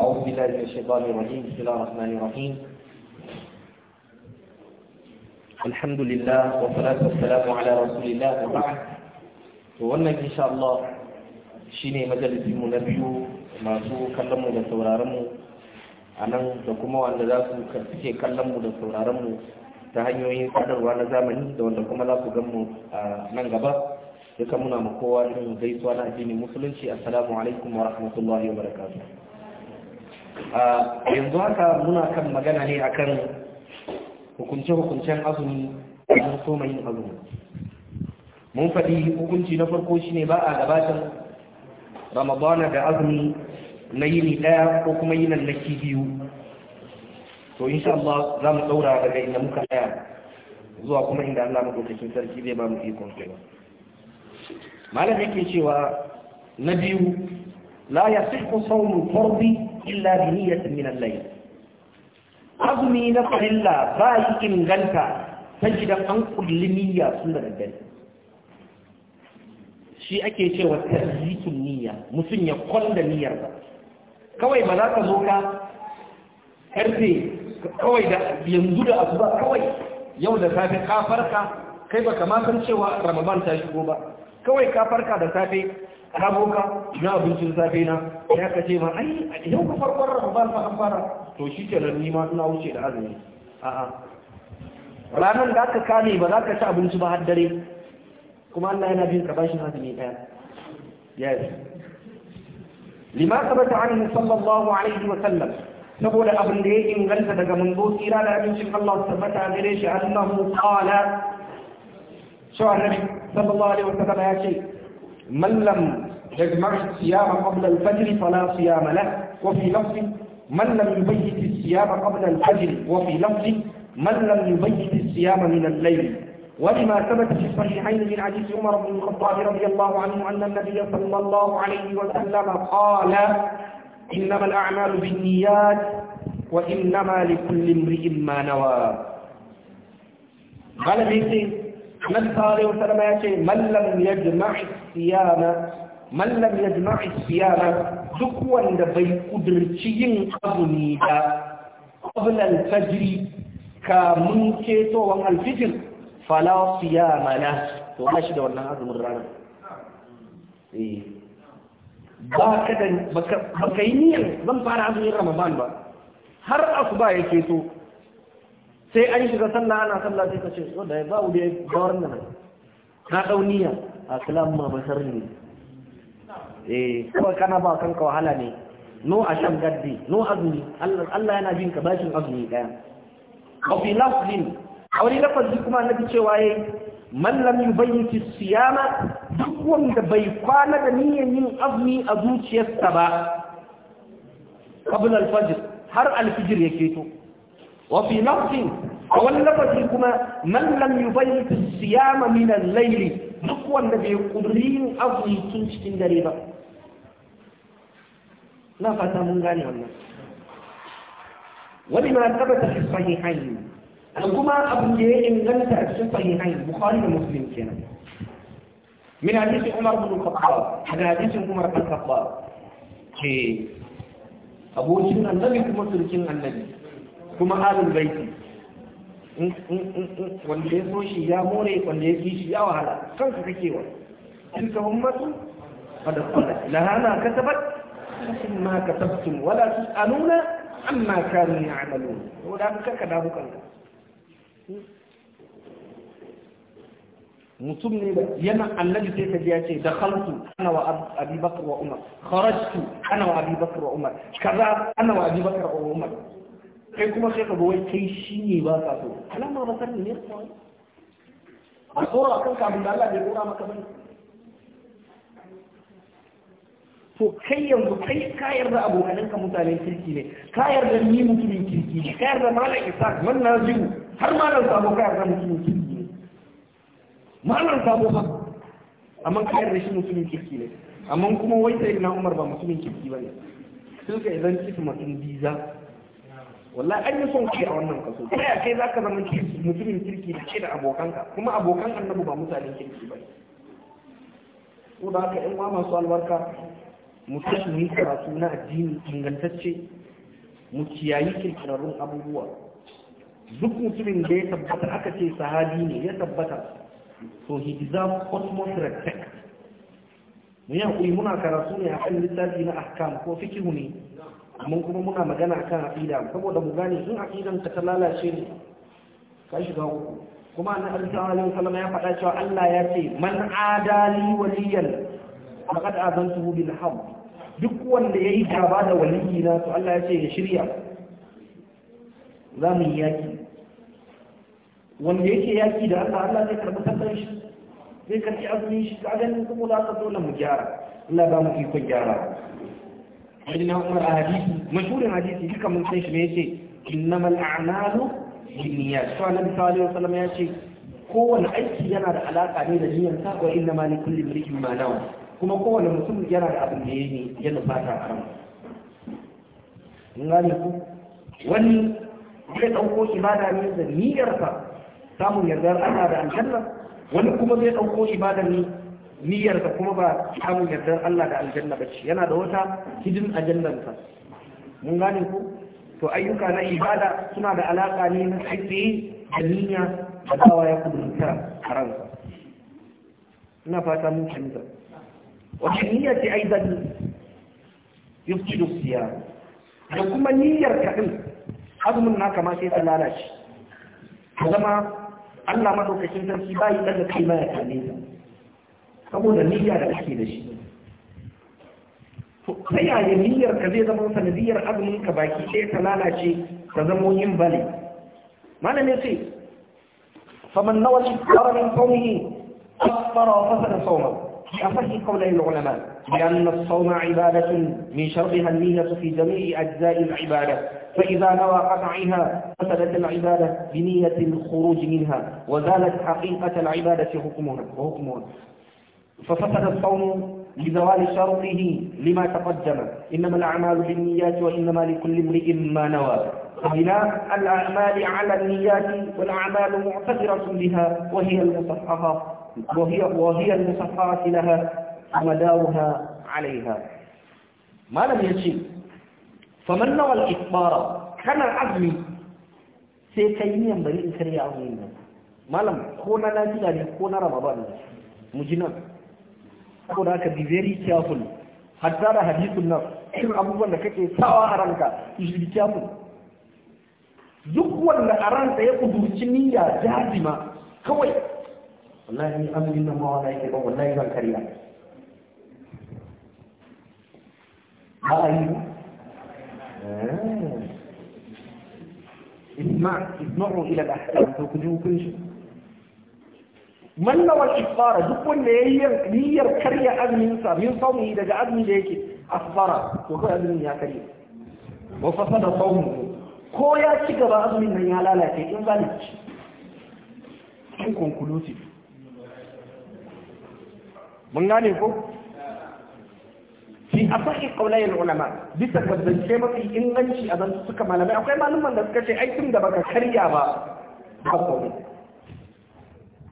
أعوذ بالله من الشيطان الرجيم بسم الله الرحمن الرحيم الحمد لله والصلاة والسلام على رسول الله وبعد wannan insha Allah shine majalisi mu na biyu masu kallon mu da sauraron mu a nan da kuma wanda za suke kallon mu da sauraron mu ta hanyoyin sadarwa na zamani da wanda kuma za ku gan mu a nan gaba duka muna ma kowa irin gaisuwa na addinin musulunci Asalamu alaikum wa rahmatullahi wa yanzu haka muna kan magana ne akan hukunce-hukuncen azumi a soma yin azumi mun faɗi hukunci na farko shi ne ba a gabatar ramadana da azumi na yini ɗaya ko kuma yinan na biyu to sha Allah za mu ɗaura daga inda muka ɗaya zuwa kuma inda Allah madaukakin sarki zai ba mu ikon kwanfewa malam yake cewa na biyu la ya yasihu sawmu farbi illa bi niyyatin min al-layl azumi na farilla ba shi inganta sai idan an kulli niyya sun da daddare shi ake cewa tarzikin niyya mutum ya kwalla niyyar ba kawai ba za ka zo ka karfe kawai da yanzu da asuba kawai yau da safe ka farka kai ba kamatan cewa ramadan ta shigo ba kawai ka farka da safe ka boka na abincin safe na ya ka ce ma ai yau ka farko ramadan ba an fara to shi ke nan nima ina wuce da azumi a'a ranar da aka kame ba za ka ci abinci ba har dare kuma Allah yana bin ka bashin azumi ɗaya yes lima sabata an sallallahu alaihi wa sallam saboda abin da ya inganta daga manzo tsira da abincin Allah tabbata gare shi annahu qala cewa nabi sallallahu alaihi wa sallam ya ce من لم يجمع الصيام قبل الفجر فلا صيام له وفي لفظ من لم يبيت الصيام قبل الفجر وفي لفظ من لم يبيت الصيام من الليل ولما ثبت في الصحيحين من حديث عمر بن الخطاب رضي الله عنه ان النبي صلى الله عليه وسلم قال انما الاعمال بالنيات وانما لكل امرئ ما نوى قال بيتي احمد صالح وسلم من لم يجمع الصيام من لم يجمع الصيام دوك وند باي قدرتيين قبل الفجر كمن كيتو وان الفجر فلا صيام له تو ماشي ده والله عظم الرانا ba ka da bakayi niyan zan fara azumin sai an shiga sallah ana sallah sai ka ce so oh, da ba wuri da wannan na dauniya a kalam ma basar ne eh kuma kana ba kanka wahala ne no a shan gaddi no azumi Allah yana bin ka bashin azumi daya wa fi lafzin a wani lafazi kuma na cewa yayi man lam yubayyiti siyama duk wanda bai kwana da niyyar yin azumi a zuciyarsa ba qabla al-fajr har al-fajr yake to وفي لفظ اللفظ لكما من لم يبيت الصيام من الليل نقوى النبي قدرين أظهي تنشتين دريبا لا فتا من غاني والله ولما ثبت في الصحيحين أنكما أبو جهل غنت في الصحيحين البخاري ومسلم كنا من حديث عمر بن الخطاب هذا حديث عمر بن الخطاب أبو جهل النبي كما تركين النبي kuma alul baiti wanda ya so shi ya more wanda ya fi shi ya wahala kan su kake wa in ka ummatu qad qalat laha ma kasabat lakum ma kasabtum wala tusaluna amma kanu ya'malun wanda kaka da bukan mutum ne ba yana annabi sai ka ji ya ce da khaltu ana wa abubakar wa umar kharajtu ana wa abubakar wa umar kaza ana wa abubakar wa umar kai kuma sai ka wai kai shi ne ba ka so alama ba sani ne a tsoro akan ka abin da Allah bai kura maka bane to kai yanzu kai kayar da abokanin ka mutanen kirki ne kayar da ni mutumin kirki ne kayar da malam isa man naziru har malam sabo kayar da mutumin kirki ne malam sabo ba amma kayar da shi mutumin kirki ne amma kuma wai sai na Umar ba mutumin kirki ne sun ka idan kisu mutum biza wallahi an yi son kai a wannan kaso ta ya kai zaka zama mutumin kirki da ke da abokanka kuma abokan annabi ba mutanen kirki ba ko da haka in ma masu albarka mu tashi mu karatu na addini ingantacce mu kiyayi kirkirarrun abubuwa duk mutumin da ya tabbata aka ce sahabi ne ya tabbata so he deserves utmost respect mu yi hakuri muna karatu ne a kan littafi na ahkam ko fikihu ne mun kuma muna magana akan aqida saboda mu gane in aqidan ka ta lalace ne ka shiga uku kuma annabi sallallahu alaihi salama ya faɗa cewa Allah ya ce man adali waliyan faqad azantuhu bil hau. duk wanda ya yi gaba da waliyi na to Allah ya ce ya shirya za mu yi yaki wanda yake yaki da Allah Allah zai karɓi sallan shi zai karɓi azumin shi ka ganin kuma za ka dole mu gyara Allah ba mu ikon gyara sayyidina Umar a hadisi mashhurin hadisi duka mun san shi ne yace innamal a'malu binniyat to annabi sallallahu alaihi wasallam ya ce kowane aiki yana da alaka ne da niyyar sa wa inna ma likulli imrin ma nawa kuma kowane mutum yana da abin da yake yana nufata a ran ngani ku wani zai dauko ibada ne da niyyarsa, samun yardar Allah da aljanna wani kuma zai dauko ibada ne niyyarsa kuma ba samun yardar Allah da aljanna ba ce yana da wata hidin ajandanta mun gane ku to ayyuka na ibada suna da alaka ne na tsaye da niyya da bawa ya kudurta a ransa ina fata mun fahimta wata niyya ce aidan yufsidu siya da kuma niyyar ka din azumin naka ma sai ta lalace ka zama Allah madaukakin sarki bai da kai mana ya kalle saboda niyya da ake da shi ta yaya niyyar ka zai zama sanadiyar azumin ka baki ɗaya ta lalace ta zamo yin bale malamin sai faman nawal ifara min qawmihi afara wa fasada sawma ya fahi qawlan ulama لأن الصوم عبادة من شرطها النية في جميع أجزاء العبادة فإذا نوى قطعها فسدت العبادة بنية الخروج منها وزالت حقيقة العبادة حكمها وحكمها ففسد الصوم لزوال شرطه لما تقدم إنما الأعمال بالنيات وإنما لكل امرئ ما نوى فبناء الأعمال على النيات والأعمال معتبرة بها وهي المصححة وهي وهي المصححة لها ومدارها عليها ما لم يجب فمن نوى الإخبار كان العزم سيكيني ينبغي إن كريا ما لم كون نازلة يكون رمضان مجنب saboda haka be very careful hatta da hadithun nan irin abubuwan da kake sawa a ranka you should be careful duk wanda a ranka ya kudurci niyya jazima kawai wallahi ni amrin nan ma wallahi ke ba wallahi ban karya ba a yi isma'u ila al-ahkam to ku ji man nawal ifara duk wanda ya yi niyyar karya azumin sa min sauni daga azumi da yake asfara to kai azumin ya karye. wa fasada sauni ko ya ci gaba azumin nan ya lalace in ci. in conclusive mun gane ko fi asahi qawlayin ulama bisa kaddance mafi inganci a zan suka malamai akwai malaman da suka ce ai tun da baka karya ba ba ne.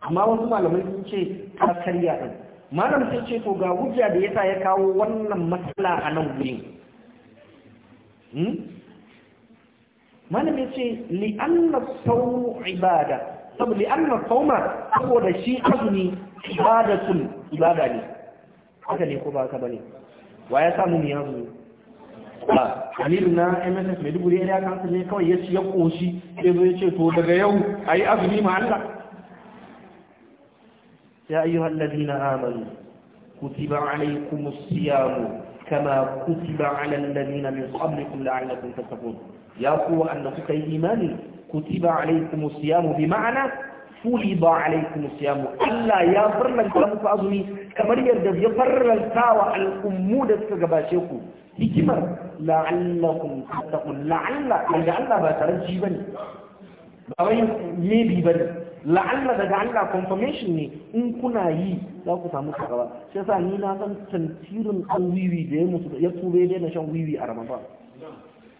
amma wasu malamai sun ce ta karya ɗin malam sai ce to ga hujja da yasa ya kawo wannan matsala a nan gurin hmm? malam ya ce li'anna saumu ibada saboda li'anna sauma saboda shi azumi ibadatun ibada ne haka ne ko ba haka bane wa ya samu ne yanzu ba amir na mss da ya kansu ne kawai ya ci ya koshi sai zo ya ce to daga yau a yi azumi ma Allah يا أيها الذين آمنوا كتب عليكم الصيام كما كتب على الذين من قبلكم لعلكم تتقون يا قوة أن تكي إيماني كتب عليكم الصيام بمعنى فرض عليكم الصيام ألا يا فرلن كلام فأظني كما يرد يفرلن تاوى الأمود تكباشيكو hikimar la'allakum tattaqun la'alla daga Allah ba tare ji bane ba wai maybe bane la'alla daga Allah confirmation ne in kuna yi za ku samu shugaba shi yasa ni na san tantirin an wiwi da ya mutu ya ture da na shan wiwi a Ramadan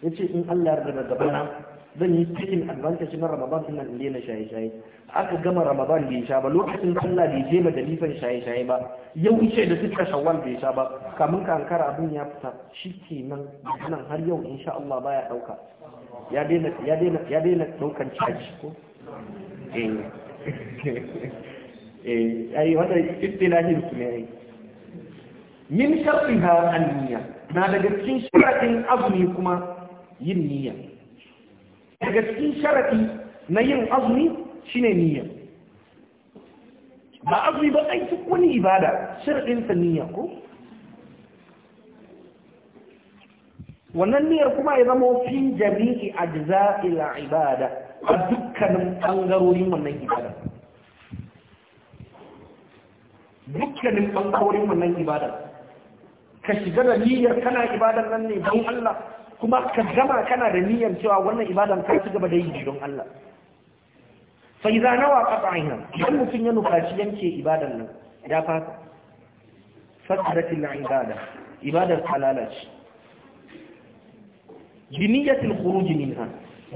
yace in Allah ya daga gabana zan yi cikin advantage na Ramadan ina in na shaye shaye aka gama Ramadan bai sha ba lokacin Allah bai je majalisan shaye shaye ba yau ce da suka shawwal bai sha ba kamun kankara abun ya fita shikenan nan har yau insha Allah baya dauka ya daina ya daina daukan caji ko eh eh ai wanda istilahin su ne min sharriha an-niyya na daga cikin sharadin azumi kuma yin niyya daga cikin sharadi na yin azumi shine niyya ba azumi ba ai duk wani ibada sharadin sa niyya ko wannan niyyar kuma ya zama fi jami'i ajza'il ibada a dukkanin bangarorin wannan ibada dukkanin bangarorin wannan ibada ka shiga da niyyar kana ibadan nan ne don Allah kuma ka gama kana da niyyar cewa wannan ibadan ka ci gaba da yi don Allah fa idza nawa qat'aha idan mutum ya nufaci yanke ibadan nan ya fata fasadat ibada ibadar halalaci biniyatil khuruj minha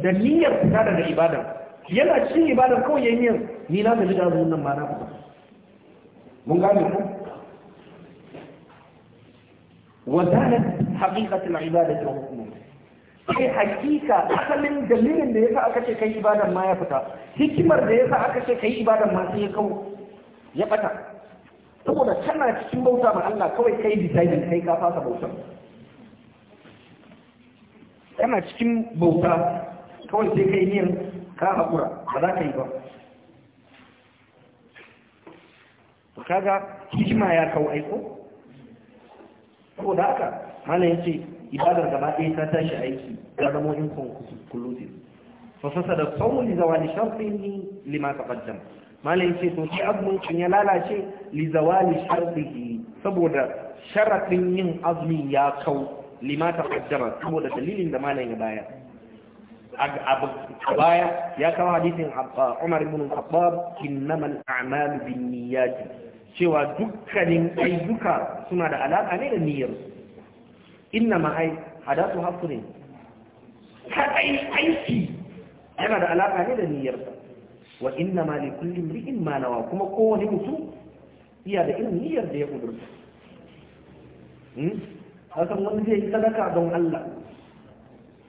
da niyyar fita daga ibada yana cin ibada kawai yayin yin ni na gaji da azumin ma na kuma mun gane ku wa zalat haqiqatul ibada wa hukmuha sai hakika asalin dalilin da yasa aka ce kai ibadan ma ya fita hikimar da yasa aka ce kai ibadan ma sai ya kawo ya bata saboda kana cikin bauta ma Allah kawai kai bisaidin kai ka fasa bautar kana cikin bauta kawai sai kai niyan ka haƙura ba za ka yi ba to kaga hikima ya kawo aiko saboda haka ya ce ibadar gaba ɗaya ta tashi aiki ya zama in conclusive fa fasada sawmu li shafin shartihi lima mana ya ce to shi azumin ya lalace li zawali shartihi saboda sharafin yin azumi ya kawo. lima taqaddama saboda dalilin da malam ya bayar a baya ya kawo hadisin Umar ibn Khattab innamal a'malu binniyati cewa dukkanin ayyuka suna da alaka ne da niyyar inna ma ai hadatu hasrin kadai aiki yana da alaka ne da niyyar wa inna ma li kulli imrin ma nawa kuma kowane mutum iya da irin niyyar da ya kudurta hmm? kasan wani zai yi sadaka don Allah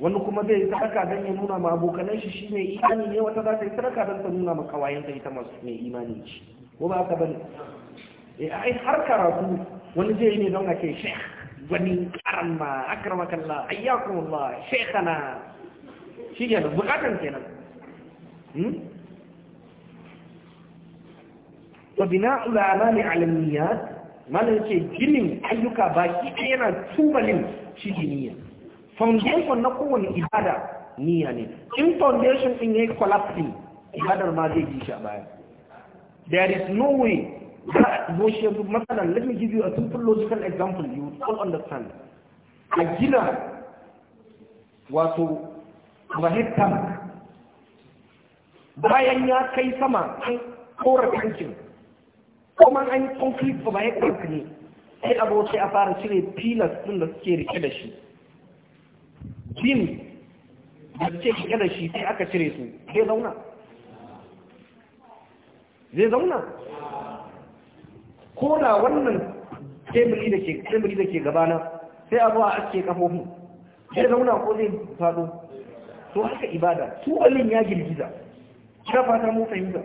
wani kuma zai yi sadaka don ya nuna ma abokanan shi shi mai imani ne wata za ta yi sadaka don ta nuna ma kawayen ta ita masu mai imani ce ko ba ka bane eh ai har karatu wani zai yi ne don ake sheikh gwani karama akramakallah ayyakumullah sheikhana shi ke bukatan kenan وبناء الأعمال على النيات malam ce ginin ayyuka baki ɗaya yana tubalin shi niyya foundation na kowane ibada niyya ne in foundation in yayi collapsing ibadar ma zai ji shi a baya there is no way that no shi masalan let me give you a simple logical example you all understand a gina wato overhead bayan ya kai sama an kora tankin kuma an yi conflict ba ya ƙarfi ne sai abokai sai a fara cire filas ɗin da suke rike da shi bin da suke rike da shi sai aka cire su zai zauna zai zauna ko da wannan teburi da ke teburi da ke gabana sai abu a ake kafofin zai zauna ko zai faɗo to haka ibada tubalin ya girgiza ta fata mu fahimta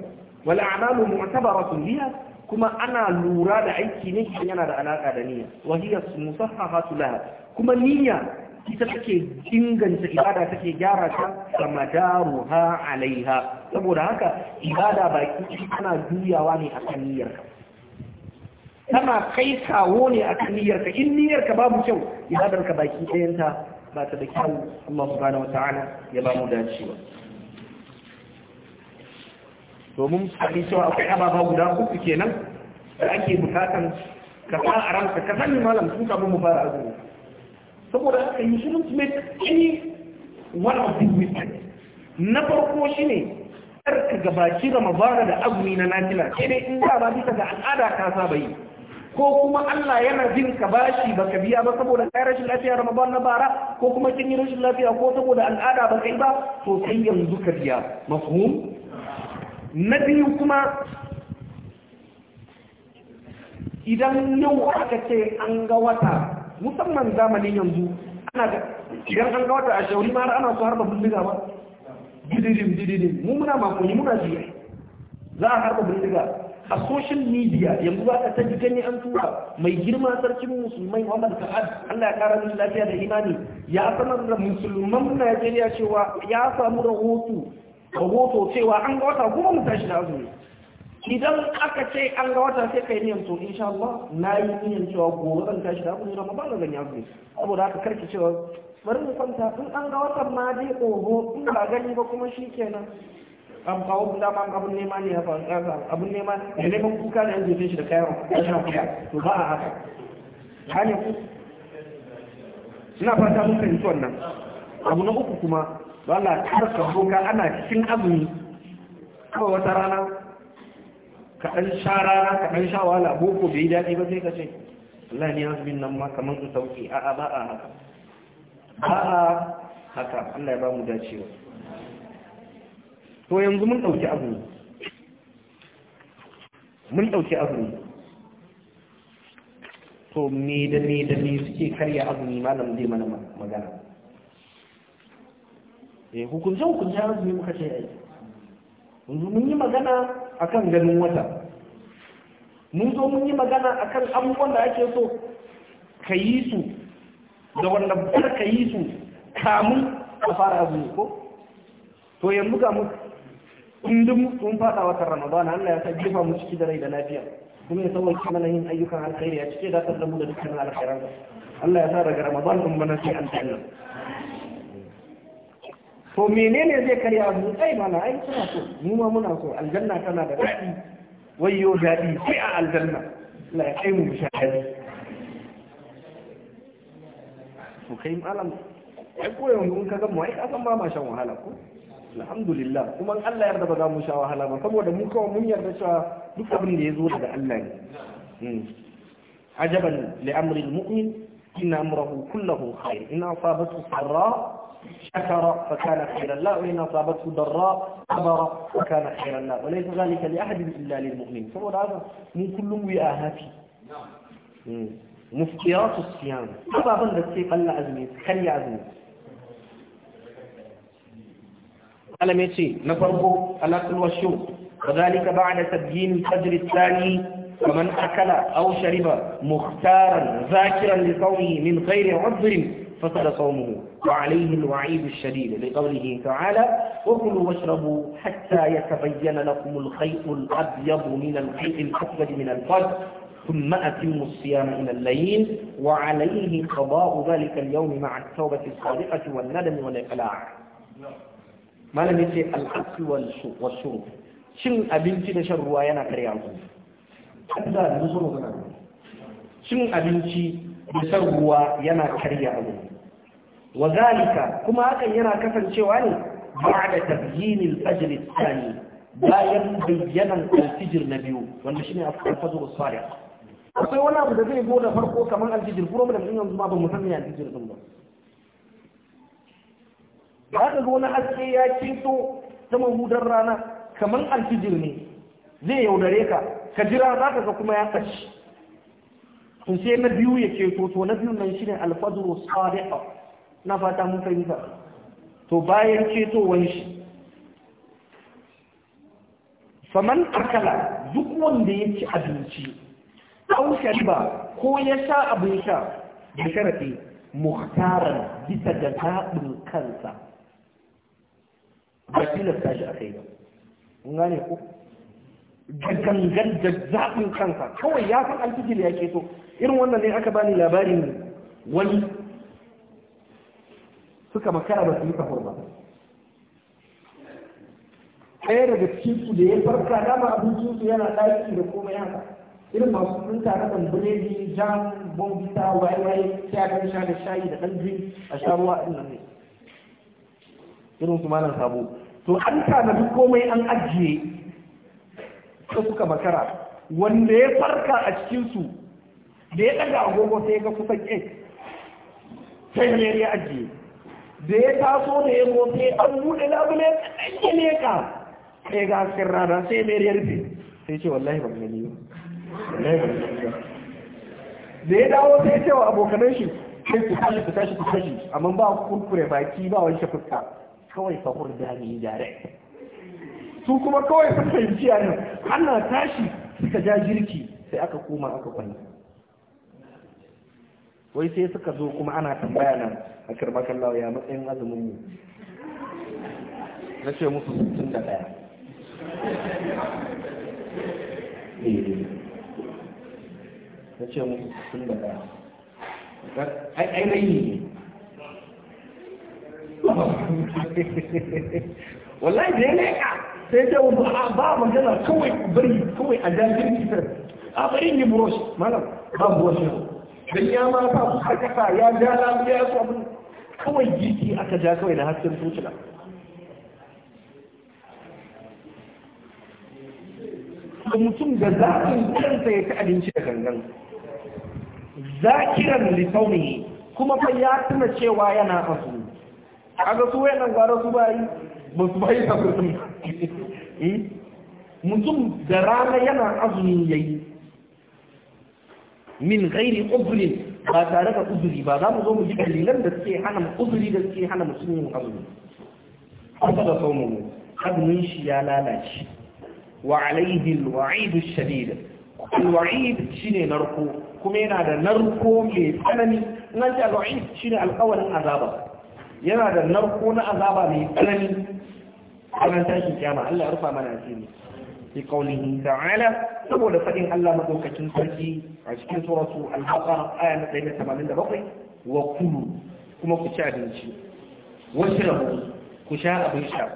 wal a'malu mu'tabaratun liya kuma ana lura da aiki ne yana da alaka da niyya wa hiya musahhaha laha kuma niyya ita take inganta ibada take gyara ta kamadaruha alaiha saboda haka ibada baki ana juyawa ne a akan ka. tana kai kawo ne a kan akan ka. in ka babu kyau ibadarka baki ɗayanta ba ta da kyau Allah subhanahu wa ta'ala ya ba mu dacewa domin faɗi cewa akwai ababa guda uku kenan da ake bukatan ka sa a ranka ka sani malam sun kafin mu fara azumi saboda yi you shouldn't mai kini one of these mistakes na farko shine kar ka gabaci ramadana da azumi na nafila sai dai in ba bisa ga al'ada ka saba yi ko kuma Allah yana jin ka bashi baka biya ba saboda kai rashin lafiya Ramadan na bara ko kuma kin yi rashin lafiya ko saboda al'ada ba kai ba to sai yanzu ka biya mafhum na biyu kuma idan yau aka ce an ga wata musamman zamanin yanzu ana idan an ga wata a shauri ma ana su harba bindiga ba dididim dididim mu muna makoni muna jiya za a harba bindiga a social media yanzu za a taji gani an tura mai girma sarkin musulmai Muhammad Sa'ad Allah ya kara min lafiya da imani ya sanar da musulman Najeriya cewa ya samu rahoto rahoto cewa an ga wata kuma mu tashi da azumi idan aka ce an ga wata sai kai niyan to insha Allah na yi niyan cewa gobe zan tashi da azumi amma da zan yi azumi saboda haka karki cewa bari mu kwanta in an ga wata ma dai oho in ba gani ba kuma shikenan an kawo da ma abun nema ne ya faru abun nema ya neman kuka da yanzu shi da kayan kayan kuka to ba a haka hali ku ina fata mun fahimci wannan abu na uku kuma wala kar ka boka ana cikin azumi kawai wata rana ka ɗan sha rana ka ɗan sha wahala boko bai daɗi ba sai ka ce Allah ne azumin nan ma kamar in sauki a'a ba a haka ba a haka Allah ya ba mu dacewa to yanzu mun ɗauki azumi mun ɗauki azumi to me da me da me suke karya azumi malam zai mana magana eh hukunce hukunce azumi muka ce ai mun yi magana akan ganin wata mun zo mun yi magana akan abubuwan da ake so ka yi su da wanda ba ka yi su kamun a fara azumi ko to yanzu ga mu kundin mun fada watan ramadan Allah ya sa jefa mu ciki da rai da lafiya kuma ya sauwa mana yin ayyukan alkhairi a cike da kan da dukkan alkhairan Allah ya sa daga ramadan din bana sai an tsanna to menene zai karya abu ai mana ai suna so mu ma muna so aljanna tana da daɗi wayyo daɗi sai a aljanna la ya kai mu shahadi to kai malam ai ko yanzu in ka ga mu ai kasan ba ma shan wahala ko alhamdulillah kuma in Allah yarda ba za mu sha wahala ba saboda mu kawai mun yarda cewa duk abin da ya zo daga Allah ne hmm. ajaban li amri almu'min inna amrahu kullahu khair in asabathu sarra شكر فكان خيرا لا وإن أصابته ضراء صبر فكان خيرا لا وليس ذلك لأحد إلا للمؤمن فهو هذا من كل وآهاتي مفترات الصيام أبا بند في قل عزمي خلي عزمي قال ميتي نفرق كل وشو وذلك بعد تبيين الفجر الثاني فمن أكل أو شرب مختارا ذاكرا لصومه من غير عذر فصل صومه وعليه الوعيد الشديد لقوله تعالى وكلوا واشربوا حتى يتبين لكم الخيط الأبيض من الخيط الأسود من الفجر ثم أتموا الصيام إلى الليل وعليه قضاء ذلك اليوم مع التوبة الصادقة والندم والإقلاع ما لم يسي الأكل والشرب شن أبنتي نشر روايانا كريان حتى نزل شن أبنتي نشر روايانا كريان wa zalika kuma hakan yana kasancewa ne ba'da tabyinil ajr al-thani bayan bayyanan al-fijr na biyu wanda shine al-fajr as-salih akwai wani abu da zai go da farko kamar al-fijr kuma mun yanzu ma ba mu san al-fijr din ba ba ka zo wani haske ya kinto ta mahudar rana kamar al-fijr ne zai yaudare ka ka jira za ka ga kuma ya tsaci Sun sai na biyu ya ce to na biyun nan shine al-fajr as-salih na fata mun fahimta to bayan ceto shi Saman akala duk wanda ya ci abinci au shariba ko ya sha abin sha da sharafi muhtaran bisa da zaɓin kansa ba lafta shi a kai ba gane ko da gangan da zaɓin kansa kawai ya san alfijir ya ke so. irin wannan ne aka bani labarin wani suka makara ba su yi kafar ba ɗaya daga cikin su da ya farka dama abincin su yana ɗaki da komai haka irin masu sun tare da biredi jam bombita waye-waye sai a sha da shayi da ɗan drink a sha ruwa a nan ne irin su malam sabo to an tanadi komai an ajiye ta suka makara wanda ya farka a cikinsu da ya ɗaga agogo sai ga kusan ƙin sai ya ajiye da ya taso da ya zo an buɗe labule ɗanye ne ka sai ga hasken rana sai mai ya rufe sai ce wallahi ban gani ba wallahi ban gani ba da ya dawo sai ce wa abokanan shi sai su tashi su tashi su tashi amma ba kurkure baki ba wani shafuka kawai fa hurdani direct su kuma kawai sun fahimci yanar nan ana tashi suka ja jirki sai aka koma aka kwanta wai sai suka zo kuma ana tambaya nan a kirmakan lawa ya matsayin azumin mu na ce musu sun da daya na ce musu sittin da na yi ne wallahi da ya leƙa sai ce wasu ba magana kawai bari kawai a jajirki a bari ni burosh malam ba burosh yau dan ya ma ba su harkata ya ja lamu ya su abin kawai jiki aka ja kawai da hasken zuciya da mutum da zaɓin kansa ya ci abinci da gangan zakiran lisauni kuma fa ya tuna cewa yana asu a ga su wayannan gwara su bayi ba su bayi a hmm? mutum da rana yana azumi yayi min gairi uzuri ba tare da uzuri ba za mu zo mu ji dalilan da suke hana uzuri da suke hana mutum yin azumi an faɗa saumu azumin shi ya lalace wa alaihi alwa'idu shadid alwa'id shine narko kuma yana da narko mai tsanani nan da alwa'id shine alƙawarin azaba yana da narko na azaba mai tsanani ranar tashin kyama Allah ya rufa mana asiri في قوله تعالى سبول فإن الله مدوك تنسلتي عشكين سورة البقرة آية 87 وكلوا كما كشاء بنشي واشربوا كشاء بنشا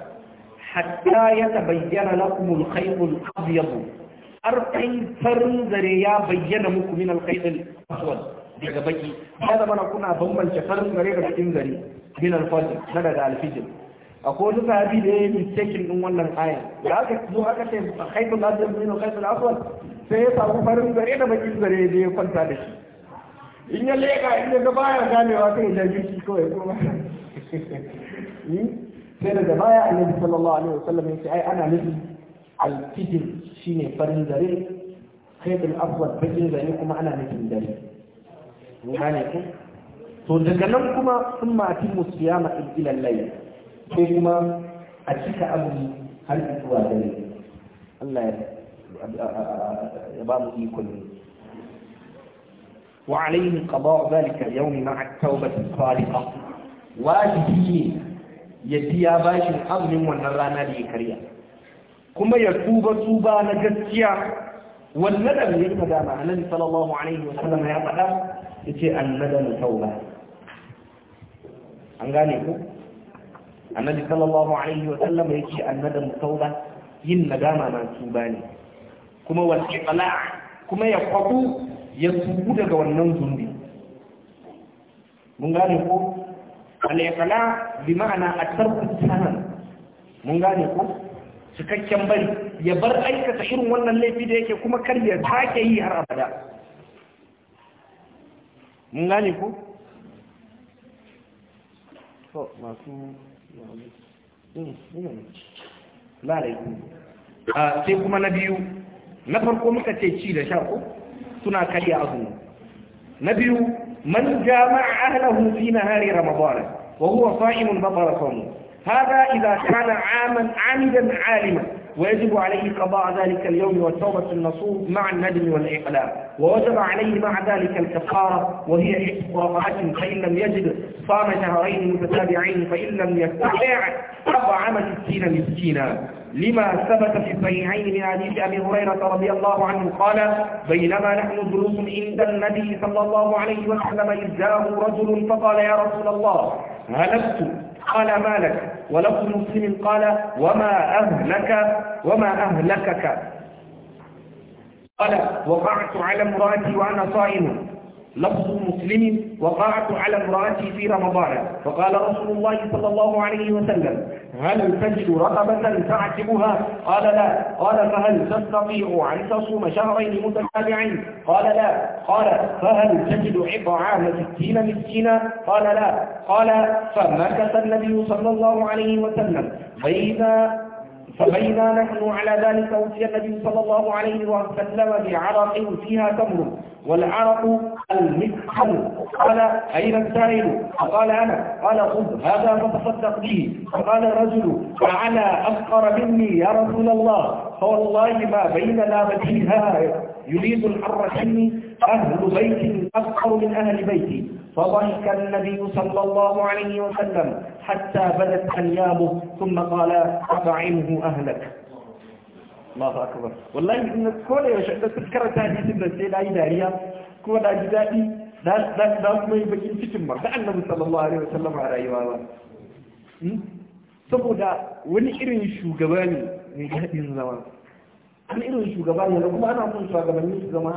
حتى يتبين لكم الخيط الأبيض أرقين فرنزر يا بين مكم من الخيط الأسود daga baki ya zama na kuna bambance farin gare da cikin gari min alfajir na daga alfijir akwai wani sahabi da ya yi mistakin din wannan aya da aka zo aka ce haifin azal min haifin aswad sai ya samu farin zare da bakin zare da ya kwanta da shi in ya leka in ya ga ya ganewa sai ya ji shi kawai kuma hmm? sai daga baya annabi sallallahu alaihi wasallam ya ce ai ana nufi alfijir shine farin zare haifin aswad bakin zare kuma ana nufin dare mun gane ku to daga nan kuma sun mati musiyama ila layl kuma a cika abu har zuwa dare Allah ya ba mu ikon wa alaihi qada zalika yawmi ma'a tawbati saliha wajibi ne ya azumin wannan rana da ya karya kuma ya tuba tuba na gaskiya da يجب داما النبي صلى الله عليه وسلم يا قدام يجي الندم توبة an gane ku annabi sallallahu alaihi wa sallam yake annada tauba yin nadama na tuba ne kuma wasi iqla kuma ya kwabu ya tubu daga wannan zunubi mun gane ko al iqla bi ma'ana at-tarku tanan mun gane ko cikakken bari ya bar aikata irin wannan laifi da yake kuma kar ya take yi har abada mun gane ko to masu Hmm, hmm. Ah, sai kuma na biyu na farko muka ce ci da sha ko suna karya abu na biyu man jama'a ahlahu fi nahari ramadan wa huwa sa'imun batara sawmu hada idza kana 'aman 'amidan 'aliman ويجب عليه قضاء ذلك اليوم والتوبة النصوب مع الندم والإقلاع ووجب عليه مع ذلك الكفارة وهي حفظ رقعة فإن لم يجد صام شهرين متتابعين فإن لم يستطع أطعم السين مسكينا لما ثبت في الصحيحين من حديث أبي هريرة رضي الله عنه قال بينما نحن جلوس عند النبي صلى الله عليه وسلم إذ جاءه رجل فقال يا رسول الله هلكت قال ما لك ولفظ مسلم قال وما أهلك وما أهلكك قال وقعت على امرأتي وأنا صائم لفظ مسلم وقعت على امرأتي في رمضان فقال رسول الله صلى الله عليه وسلم هل تجد رقبة تعتبها قال لا قال فهل تستطيع أن تصوم شهرين متتابعين قال لا قال فهل تجد إطعام ستين مسكينا قال لا قال فمكث النبي صلى الله عليه وسلم فإذا فبينا نحن على ذلك أوتي النبي صلى الله عليه وسلم بعرق فيها تمر والعرق المسحل قال أين السائل؟ فقال أنا قال خذ هذا فتصدق به فقال الرجل فعلى أفقر مني يا رسول الله فوالله ما بيننا بديها يريد الحر مني أهل بيت أفقر من أهل بيتي فضحك النبي صلى الله عليه وسلم حتى بدت أنيابه ثم قال أطعمه أهلك الله أكبر والله إن كل تذكر تذكرت هذه السنة لا إدارية كل أجدادي لا لا لا ما يبكي في تمر النبي صلى الله عليه وسلم على أيوة saboda wani irin shugaba ne mai daɗin zama an irin shugaba لو da kuma ana son shugabanni su zama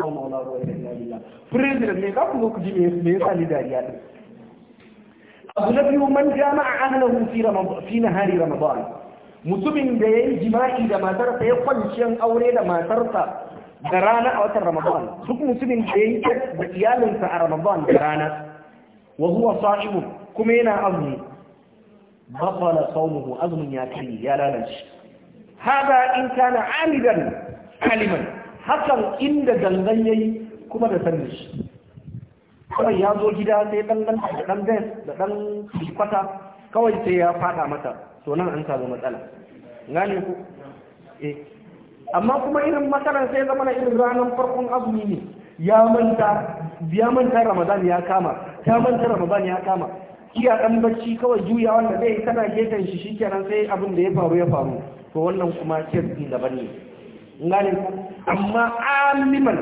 kawo ruwa president ne ka ku zo ku ji me yasa ni dariya din abu na biyu man jama'a ahlahu fi ramadan fi nahari ramadan mutumin da yayi jima'i da matarsa ya kwanciyan aure da matarsa da rana a watan ramadan duk mutumin da yayi da iyalinsa a ramadan da rana wa huwa sa'imun kuma yana azumi bafala saumuhu azumin ya kai ya lalace hada in kana amidan kaliman hakan inda ya yi kuma da sanin shi kawai ya zo gida sai dan dan da dan da dan kwata kawai sai ya fada mata to nan an samu matsala gane ku eh amma kuma irin matsalar sai zama na irin ranar farkon azumi ne ya manta ya manta ramadan ya kama ya manta ramadan ya kama iya dan bacci kawai juya wanda zai tana gefen shi shikenan sai abin da ya faru ya faru to wannan kuma kirki daban ne ngani amma aliman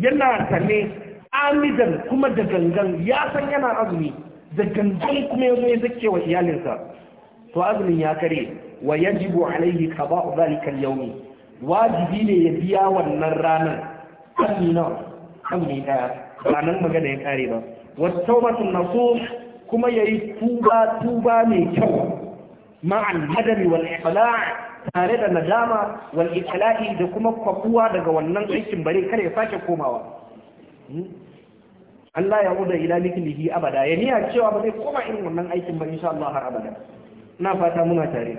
yana sane amidan kuma da gangan ya san yana azumi da gangan kuma yazo ya zake wa iyalinsa to azumin ya kare wa yajibu alaihi qada'u zalika al-yawm wajibi ne ya biya wannan ranar kan da ranar magana ya kare ba wa tawbatun nasuh kuma yayi tuba tuba mai kyau ma'an hadari wal iqla' tare da nadama wal ikla'i da kuma kwakuwa daga wannan aikin bare kare ya sake komawa hmm? Allah ya uda ila likilihi abada ya niya cewa ba zai koma irin wannan aikin ba insha Allah har abada ina fata muna tare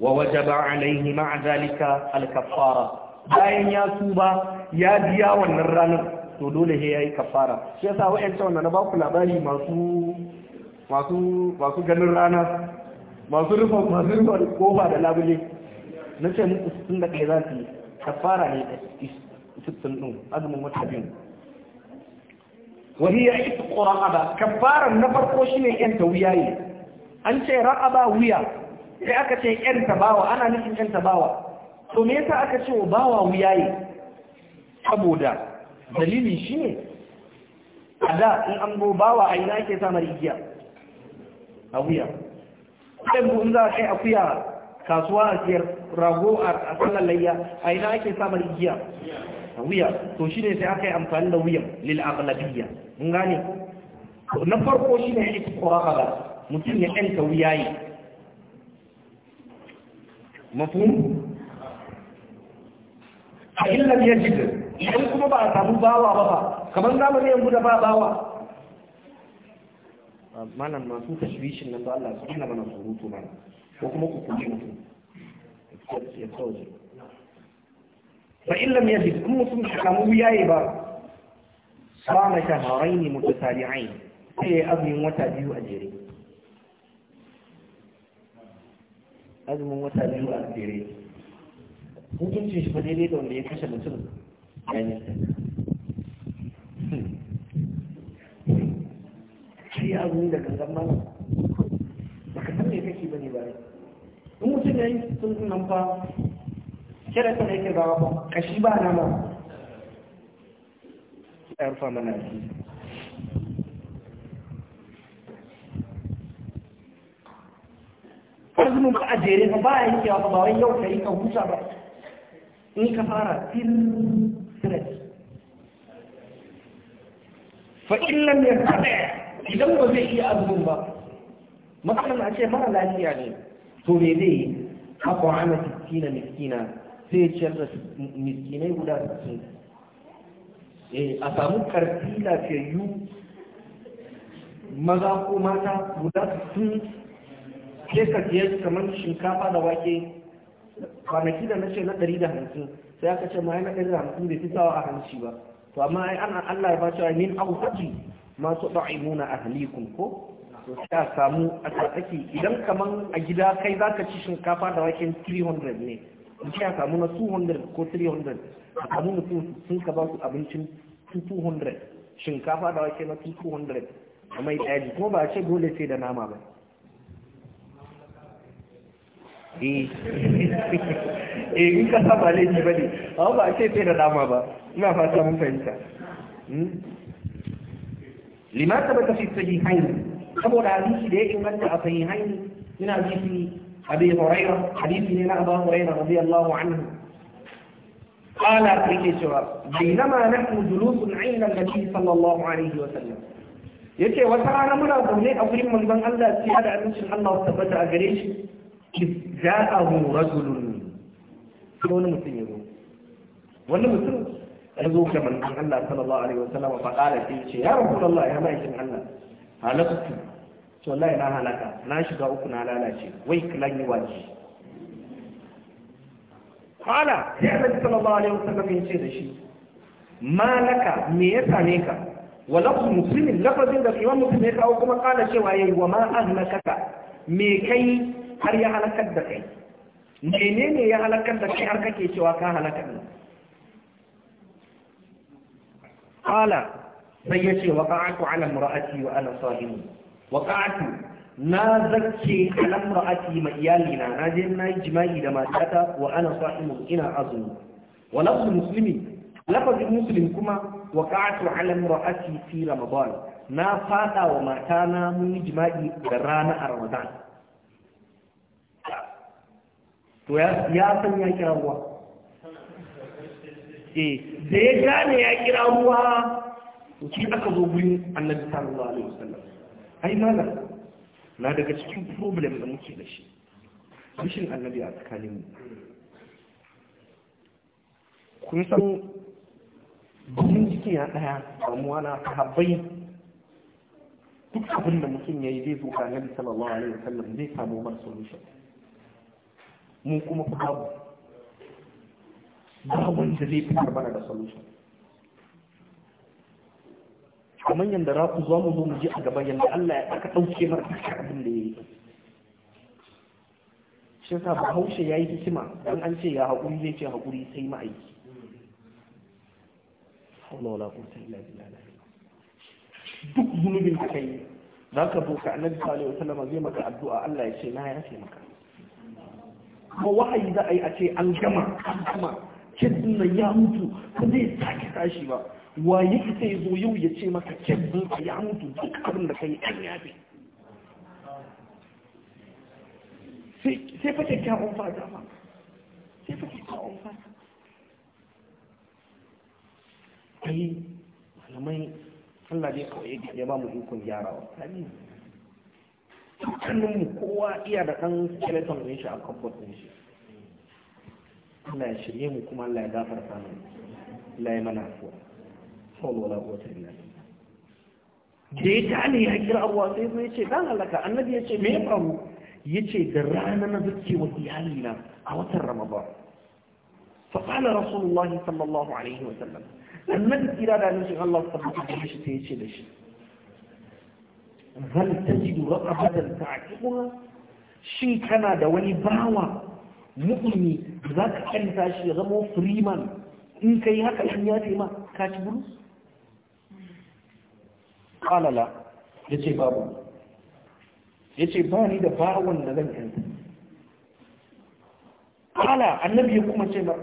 wa wajaba alaihi ma'a zalika al kaffara bayan ya tuba ya biya wannan ranar to dole he yayi kafara shi yasa wa'ancan wannan na baku labari masu masu masu ganin rana masu rufa masu rufa kofa da labule na ce muku sun da kai za su yi kafara ne sittin ɗin azumin wata biyu wani ya yi tsoron aba kafaran na farko shi ne yanta wuya yi an ce ra'aba wuya sai aka ce yanta bawa ana nufin yanta bawa to me yasa aka ce wa bawa wuya yi saboda dalili shi ne a da in an go bawa a ina ake samar igiya a wuya ɗanku in za a kai akuya kasuwa a siyar rago a sallar layya a ina ake samun igiya a wuya to shi ne sai aka yi amfani da wuyan lil aghlabiyya mun gane na farko shi ne ita quraba mutum ya ɗanta yi mafhum a illa yajid idan kuma ba a samu bawa ba kamar zamanin yanzu da ba bawa malam masu tashwishin na Allah su gina mana surutu mana ko kuma ku kuji mutum ya tsawaje fa in lam yajid in mutum kamu yayi ba sama shaharain mutasari'ain sai ya azumin wata biyu a jere azumin wata biyu a jere hukuncin shi fa daidai da wanda ya kashe mutum ya yi azumi da ba, mana ka san me kake ne ba in mutum yi sun nan fa kira ta yake ba ba kashi ba na ba ya rufa mana azumin ba a jere ba ba yi ba ba wai yau ka yi ka huta ba in ka fara fil sirat fa in lam yastati idan ba zai iya azumin ba matsalan a ce mara lafiya ne to me zai yi haka ana miskina miskina zai ciyar da miskinai guda sittin eh, a samu karfi lafiyayyu maza ko mata guda sittin ke ka siya kamar shinkafa da wake kwanaki da na ce na ɗari da hamsin sai aka ce ma yana ɗari da hamsin bai fi sawa a hanci ba to amma ai ana Allah ya ba shi min aukaci masu ɗa'imuna ahlikum ko ta samu a tsaki idan kaman a gida kai za ka ci shinkafa da waken 300 ne in ce a samu na 200 ko 300 a samu mutum sun ka ba su abincin 200 shinkafa da waken na 200 a mai ɗaya kuma ba a ce dole sai da nama ba E, in ka saba laifi ba ne a ba a ce sai da nama ba ina fata mun fahimta hmm? lima sabata fi sahihain saboda hadisi da ya inganta a sahihain ina hadisi abi hurairah hadisi ne na abu hurairah radiyallahu anhu قال كيف بينما نحن جلوس عند النبي صلى الله عليه وسلم yace wata rana muna zaune a gurin manzon Allah sai da amincin Allah ta tabbata a gare shi ja'ahu rajulun wani mutum yazo wani mutum ya zo ga manzon Allah sallallahu alaihi wasallam fa qala sai ce ya rasulullah ya maikin Allah halaktu to wallahi na halaka na shiga uku na lalace wai kilan yi waji qala sai annabi sallallahu alaihi wasallam ya ce da shi malaka me ya same ka wa lafzu muslimin lafazin da kiwan muslim ya kawo kuma kala cewa yayi wa ma ahlakaka me kai har ya halakar da kai menene ya halakar da kai har kake cewa ka halakar da qala sai yace waqa'tu ala imra'ati wa ana sahim waqa'tu na zakke ala imra'ati ma iyalina na je na yi jima'i da matata wa ana sahim ina azumi wa lafzu muslimi lafazin muslim kuma waqa'tu ala imra'ati fi ramadan na fada wa matana mun yi jima'i da rana a ramadan to ya san ya kira ruwa da ya gane ya kira ruwa shi aka zo gurin annabi sallallahu alaihi wasallam ai malam na daga cikin problem da muke da shi rashin annabi a tsakanin mu kun san gurin jiki ya daya damuwa na sahabbai duk abin da mutum ya yi zai zo ga annabi sallallahu alaihi wasallam zai samu mar solution mu kuma babu ba wanda zai fitar mana da solution kamar yadda za ku zo mu zo mu ji a gaba yadda Allah ya aka ɗauke mara dukkan abin da ya yi shi ba haushe ya yi hikima don an ce ya haƙuri zai ce haƙuri sai ma'aiki haula wala quwwata illa billah duk zunubin da kai za ka zo ka annabi sallallahu alaihi wasallam zai maka addu'a Allah ya ce na ya ce maka kuma wahayi za a yi a ce an gama an gama kesin nan ya mutu ba zai sake tashi ba wa ya isa ya zo yau ya ce maka kesin ka ya mutu duk abin da kai ya fi sai fa kyakkyawan fata ma sai fa kyakkyawan fata kai malamai Allah dai kawai ya ba mu ikon gyarawa amin mu kowa iya da ɗan skeleton ɗin shi a kabbat shi Allah shirye mu kuma Allah ya gafarta mu Allah ya mana afuwa sallu ala quwwata illa da ya tale ya kira abuwa sai ya ce dan halaka annabi ya ce me ya faru ya ce da rana na zuke wa iyalina a watan ramadan fa qala rasulullahi sallallahu alaihi wa sallam annabi kira da nan shi Allah subhanahu wa ta'ala sai ya ce da shi Zan hal tajidu raqabatan ta'tiquha shin kana da wani bawa mu'mini da za ka kyanta shi ya zama freeman in ka yi haka in ya ce ma ka ci bulu kalala ya ce babu ya ce ba ni da bawon da zan kyanta kala annabi ya kuma ce ba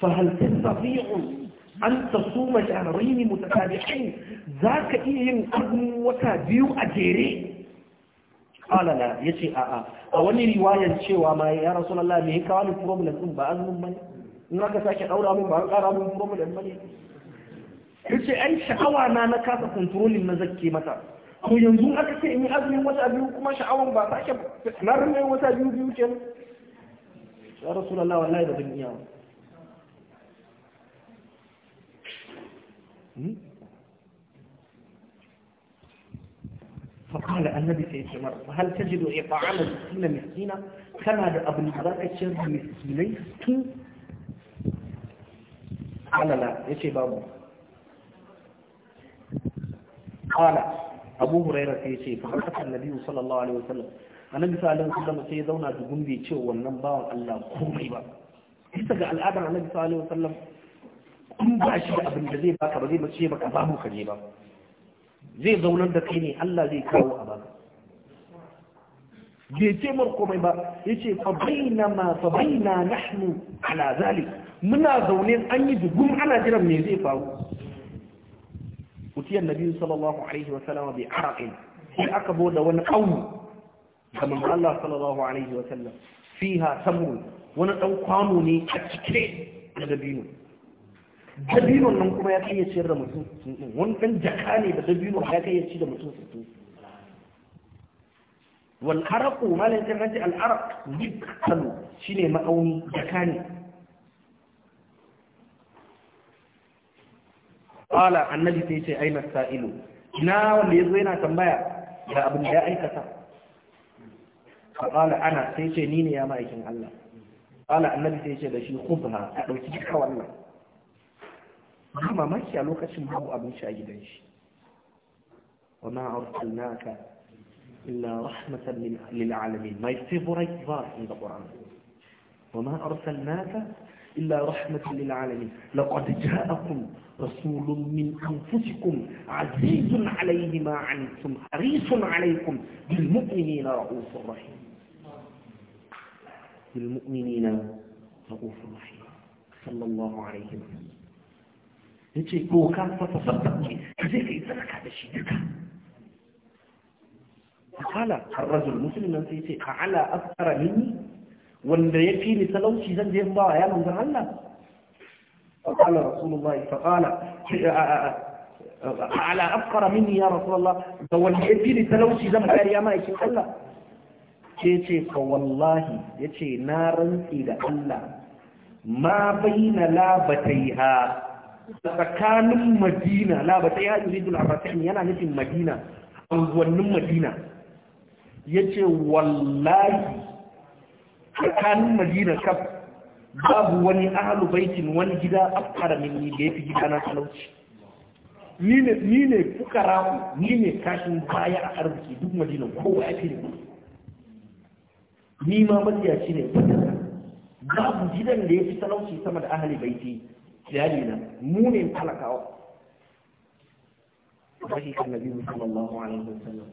fahal tasafi'un an tasuma shahrayn Za ka iya yin azumi wata biyu a jere qala la yace a a a wani riwayan cewa ma ya rasulullah me ya kawo ni problem din ba azumin bane in ka sake daura min ba an kara min problem bane yace ai sha'awa na na kasa controlling na zakke mata ko yanzu aka ce in yi azumin wata biyu kuma sha'awun ba sake na rinne wata biyu biyu kenan ya rasulullah wallahi da zan iya فقال النبي سيد عمر هل تجد إطعام المسكين مسكينا كما لأبو الحضار الشرق مسكيني قال لا يا شيخ بابا قال أبو هريرة يا فقال النبي صلى الله عليه وسلم النبي صلى الله عليه وسلم سيدونا تقول لي شو ونم باو الله كومي باو إستقى النبي صلى الله عليه وسلم كم باشي أبن جديد باكا بديد باشي باكا بابو خجيبا zai zaunar da kai ne Allah zai kawo a baka bai ce mar komai ba yace fa baina ma fa baina nahnu ala zalik muna zaune an yi dugum ana jiran me zai faru utiyar nabi sallallahu alaihi wa sallama bi araqin sai aka boda wani kawo ga manzo Allah sallallahu alaihi wa sallam fiha tamru wani dan kwano ne a cike da dabino dabinon nan kuma ya kai ya ciyar da mutum sittin wani ɗan jaka ne da dabino ya kai ya ci da mutum sittin wal araqu malan kan ranci al araq yikalu shine ma'auni jaka ne qala annabi sai ce aina sa'ilu ina wanda yazo yana tambaya da abin da ya aikata qala ana sai ce ni ne ya ma'aikin Allah qala annabi sai ce da shi khudha a dauki duka wannan ba mamaki a lokacin babu abin sha gidan shi wa ma arsalnaka illa rahmatan lil alamin my favorite verse in the Quran wa ma arsalnaka إلا رحمة للعالمين لقد جاءكم رسول من أنفسكم عزيز عليه ما عنتم حريص عليكم بالمؤمنين رؤوف رحيم بالمؤمنين رؤوف رحيم صلى الله عليه وسلم ya ce ka fata sabbaci ka zai ka yi sadaka da shi duka kala harrazul musulman sai ce ala asara mini wanda ya fi ni talauci zan je ba wa yaron zan Allah فقال رسول الله فقال على أفقر مني يا رسول الله فوالحبيني تلوشي زم قال fa wallahi! الله يتي فوالله يتي نارا إلى الله ما بين لابتيها tsakanin madina la ba sai yi rijul arrasani yana nufin madina unguwannin madina ya ce wallahi tsakanin madina kaf babu wani ahalu baitin wani gida afkara minni da ya fi gida na talauci ni ne fukara ni ne kashin baya a arziki duk madina kowa ya fi ne ni ma matsiyaci ne babu gidan da ya fi talauci sama da ahali baiti جالينا موني انطلق او رجيك النبي صلى الله عليه وسلم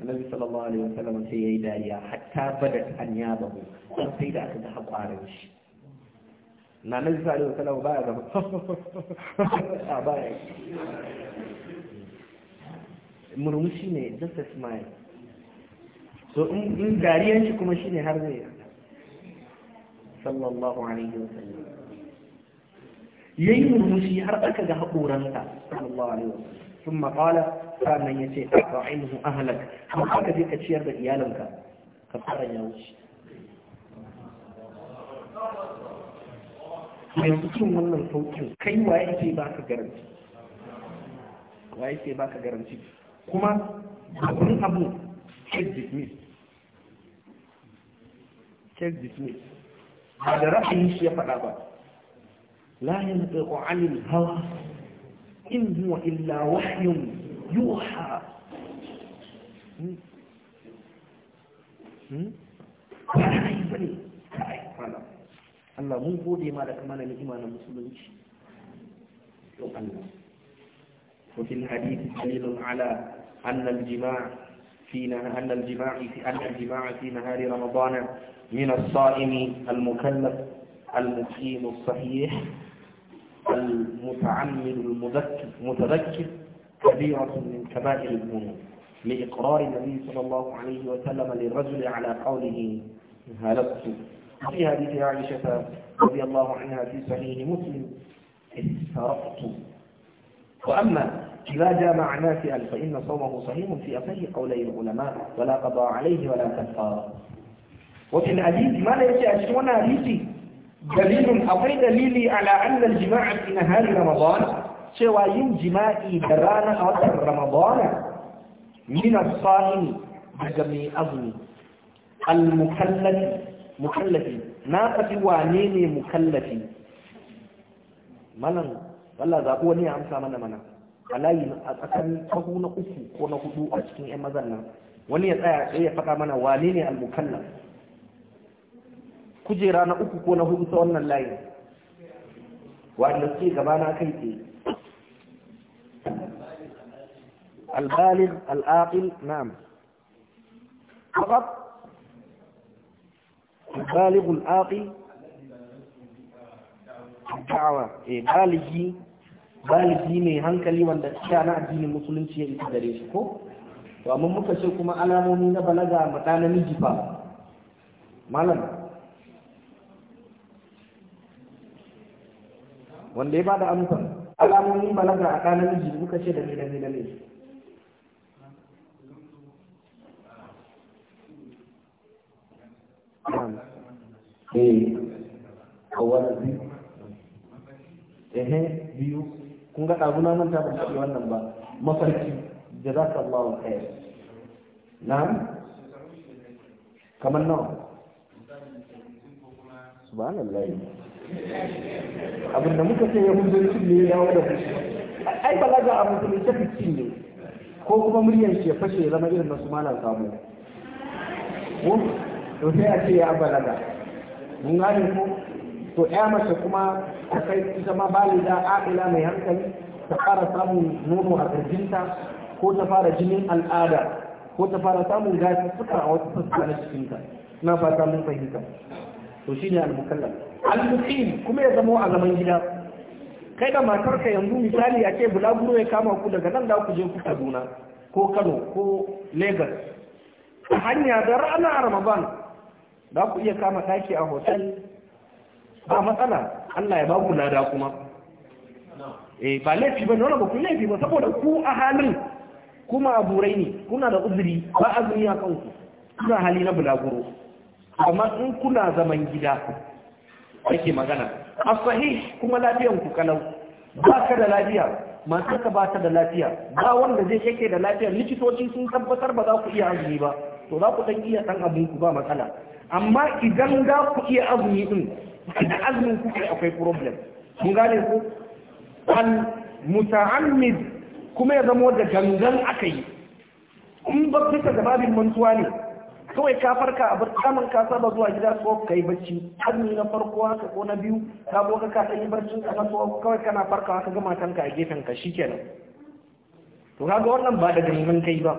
النبي صلى الله عليه وسلم سي يداليا حتى بدت انيابه سيدا كده حقا رمش نا نبي صلى الله عليه وسلم بايا دم بايا مرمشي ني جس اسمائي so in dariyanci kuma shine har zai صلى الله عليه وسلم yayi murmushi har aka ga haƙoransa sallallahu alaihi wasallam ثم قال فمن يتي ka ciyar da في ka fara كفارا يوش mai mutum wannan sauƙin kai wa yake baka garanti wa yake baka garanti kuma abun abu check dismiss check dismiss ba da ra'ayin shi ya faɗa ba لا ينطق عن الهوى إن هو إلا وحي يوحى الله مو بودي مالك ne kai malam Allah mun وفي الحديث دليل على أن الجماع في أن الجماع في أن الجماع في نهار رمضان من الصائم المكلف المقيم الصحيح المتعمد المذكر متذكر كبيرة من كبائر الذنوب لإقرار النبي صلى الله عليه وسلم للرجل على قوله هلكت وفي حديث عائشة رضي الله عنها في صحيح مسلم استرقت وأما إذا جاء مع نافئا فإن صومه صحيح في أصح قولي العلماء ولا قضاء عليه ولا كفارة وفي الحديث ما لا يشاء شون حديثي Dalilin akwai dalili ala annal jima'a fi nahari ramadan cewa yin jima'i da rana a watan ramadan min as-sa'im daga mai azumi al na tafi wane ne mukallafi malam wallahi zaɓi wani ya amsa mana mana a layi a tsakanin kahu na uku ko na hudu a cikin 'yan mazan nan wani ya tsaya sai ya faɗa mana wane ne al-mukallaf kujera na uku ko na hudu ta wannan layin wanda suke gabana kai tsaye البالغ العاقل نعم فقط البالغ العاقل الدعوة بالغي baligi mai hankali wanda sha na addinin musulunci ya isa gare shi ko to amma muka ce kuma alamomi na balaga mata namiji fa malam wanda ya bada amsa alamomin balaga a ɗan namiji muka ce da ni da ni da ni eh awwala biyu eh biyu kun ga ɗaguna manta ta ban wannan ba mafarki jazakallahu khair na'am kamar nawa subhanallahi abin da muka ce yahudancin ne ya wada fushi ai balaga a musulunci fitin ne ko kuma muryar shi ya fashe ya zama irin nasu malam samu to sai a ce ya balaga mun gane ko to ya mace kuma ta kai ita ma balida a'ila mai hankali ta fara samun nono a ƙarfinta ko ta fara jinin al'ada ko ta fara samun gasi suka a wasu fuska na cikinta na fata mun fahimta to shine al-mukallaf al-muqim kuma ya zama a zaman gida kai da matarka yanzu misali ya ce bulaguro ya kama ku daga nan da ku je ku Kaduna ko Kano ko Lagos a hanya da ranar Ramadan da ku iya kama taki a hotel ba matsala Allah ya ba ku lada kuma eh ba laifi ba wannan ba ku laifi ba saboda ku a halin kuma a burai ne kuna da uzuri ba azumi a kanku kuna hali na bulaguro amma in kuna zaman gida ake magana a sahih kuma lafiyan ku kalau ba ka da lafiya matarka ba ta da lafiya ba wanda zai yake da lafiya likitoci sun tabbatar ba za ku iya azumi ba to za ku dan iya dan abin ku ba matsala amma idan za ku iya azumi din da azumin ku akwai problem mun gane ku al muta'ammid kuma ya zama da gangan akai in ba fita da babin mantuwa ne kawai ka farka a bar kamun ka saba zuwa gida ko ka yi bacci ni na farko haka ko na biyu ka zo ka ka yi bacci ka so kawai kana farka haka ga ka a gefen ka shikenan to kaga wannan ba da neman kai ba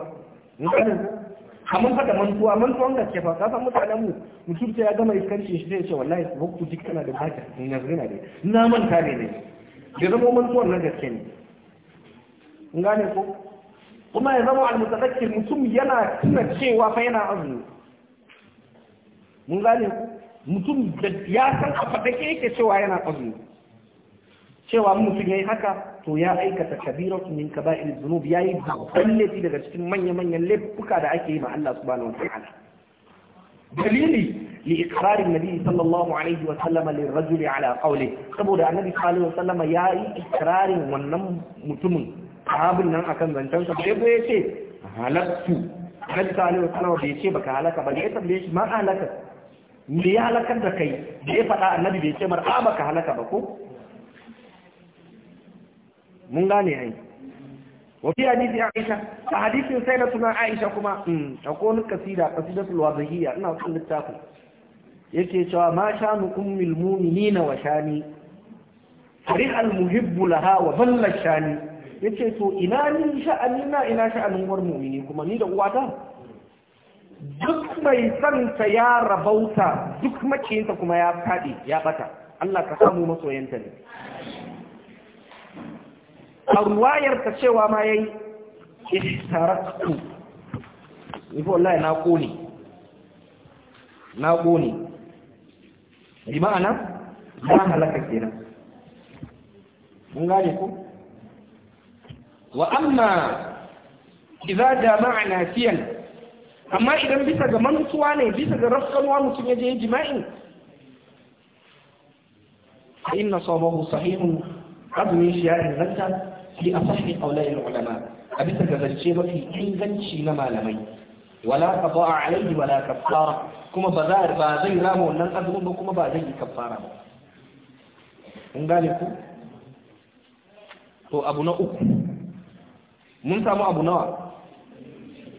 mun fada mantuwa mantuwan gaske fa san mutanen mu mutum ya gama iskanci shi zai ce wallahi wakku duk kana da bata na zina dai na manta ne ne da zama mantuwan na gaske ne in gane ko kuma ya zama almutadakkir mutum yana tuna cewa fa yana azumi mun gane mutum ya san a fadake yake cewa yana azumi cewa mutum yayi haka to ya aikata kabiratu min kaba'ir dhunub yayi babban laifi daga cikin manya-manyan laifuka da ake yi ma Allah subhanahu wa ta'ala dalili li لإقرار النبي صلى الله عليه وسلم للرجل على قوله saboda النبي صلى الله عليه وسلم يا إقرار wannan mutumin. sahabin nan akan zancen sa sai ya ce halaktu annabi sallallahu alaihi wasallam ya ce baka halaka ba ne ya tambaye shi ma halaka me ya halaka da kai da ya faɗa annabi bai ce mar a baka halaka ba ko mun gane ai wa fi hadisi Aisha ta hadisin sai na suna Aisha kuma hmm, A wani kasida kasidatul wadhiyya ina son littafin yake cewa ma shanu ummul mu'minina wa shani farihal muhibbu laha wa balla ni. ya ce to ina ni sha'ani na ina sha'anin war mumini kuma ni da uwata duk mai santa ya rabauta duk makiyinta kuma ya faɗi ya bata Allah ka samu masoyanta ne a ruwayar ta cewa ma yayi Ni ifo wallahi na kone na kone bi ma'ana ma halaka kenan mun gane ko wa amma idza jama'na fiyan amma idan bisa ga mantuwa ne bisa ga rafkanwa mutum ya je jima'i fa inna sawabahu sahihun azumi shi ya inganta li asahi qawlai ulama a bisa ga zance mafi inganci na malamai wala qada alayhi wala kaffara kuma ba zai rama wannan azumin ba kuma ba zai yi ku abu na uku mun samu abu nawa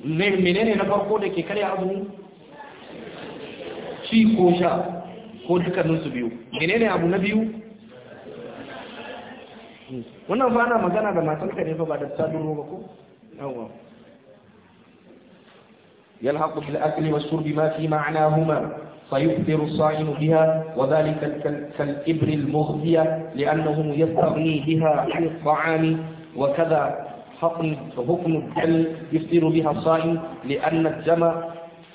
menene na farko da ke karya azumi ci ko sha ko dukkaninsu biyu menene abu na biyu wannan fa magana da masu ne fa ba da sadun roba ko yawwa يلحق بالأكل والشرب ما في معناهما فيؤثر الصائم بها وذلك كالإبر المغذية لأنه يستغني بها عن الطعام وكذا حكم حكم الدم يفطر بها الصائم لأن الدم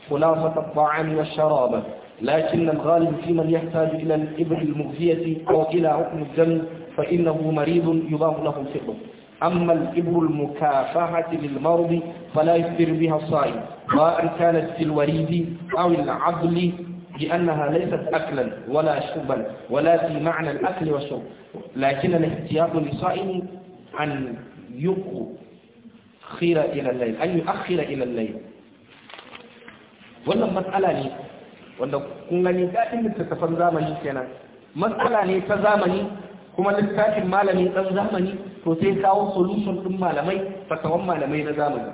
خلاصة الطعام والشراب لكن الغالب في من يحتاج إلى الإبر المغذية أو إلى حكم الدم فإنه مريض يضاف له الفطر أما الإبر المكافحة للمرض فلا يفطر بها الصائم ما ان كانت في الوريد أو العضل لأنها ليست أكلا ولا شربا ولا في معنى الأكل والشرب لكن الاحتياط للصائم أن yukhira ila al-layl ay yuakhira ila al-layl wannan matsala ne wanda kun gani dadin littattafan zamani kenan matsala ne ta zamani kuma littafin malami dan zamani to sai kawo solution din malamai fatawan malamai na zamani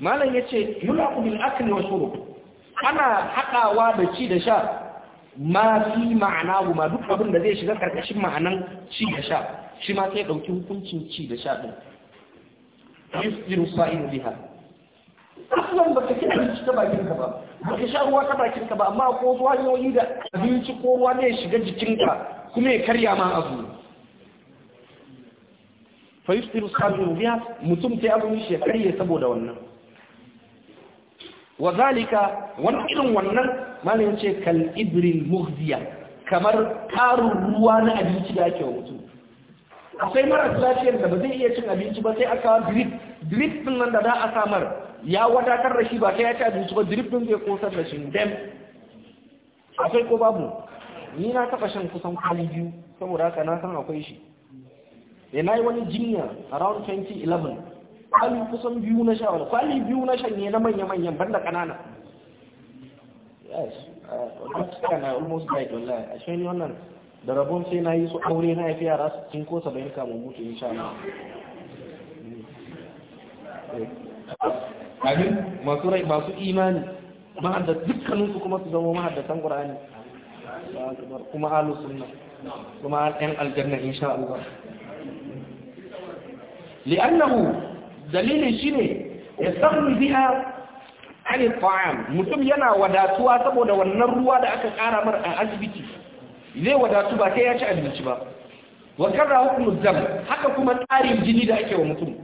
malam yace yulaqu bil akli wa shurub ana hadawa da ci da sha ma fi ma'ana ma duk abin da zai shiga karkashin ma'anan ci da sha shi ma sai ɗauki hukuncin ci da sha ɗin sa'in sa'iru biha ba ka ci abinci ta bakinka ba Ba ka sha ruwa ta bakinka ba amma ko ruwa yoyi da abinci ko ruwa ne ya shiga jikinka kuma ya karya ma abu fa yusjiru sa'iru biya mutum ta yi abu shi ya karye saboda wannan wa zalika wani irin wannan malin ce kal ibril mughziya kamar karin ruwa na abinci da ake wa mutum akwai marar lafiyar da ba zai iya cin abinci ba sai aka drip drip din nan da za a samar ya wadatar da shi ba sai ya ci abinci ba drip din zai kosar da shi dem akwai ko babu ni na taba shan kusan kwali biyu saboda haka na san akwai shi da eh, na yi wani jinya around 2011 kwali kusan biyu na sha kwali biyu na ne na manya-manyan banda kanana yes uh, that's kind of almost like wallahi a shi wannan da rabon sai na yi su aure na haifi yara su cin ko saba'in mutu in sha na eh, abin masu rai masu imani mahaddata dukkaninsu kuma su zama mahaddatan ƙura'ani. kuma alu sunna kuma 'yan aljanna in insha Allah li'annahu dalilin shi ne ya yastaghni biha an at'am mutum yana wadatuwa saboda wannan ruwa da aka ƙara mar a asibiti zai wadatu ba sai ya ci abinci ba wa karra hukumu zam haka kuma tsarin jini da ake wa mutum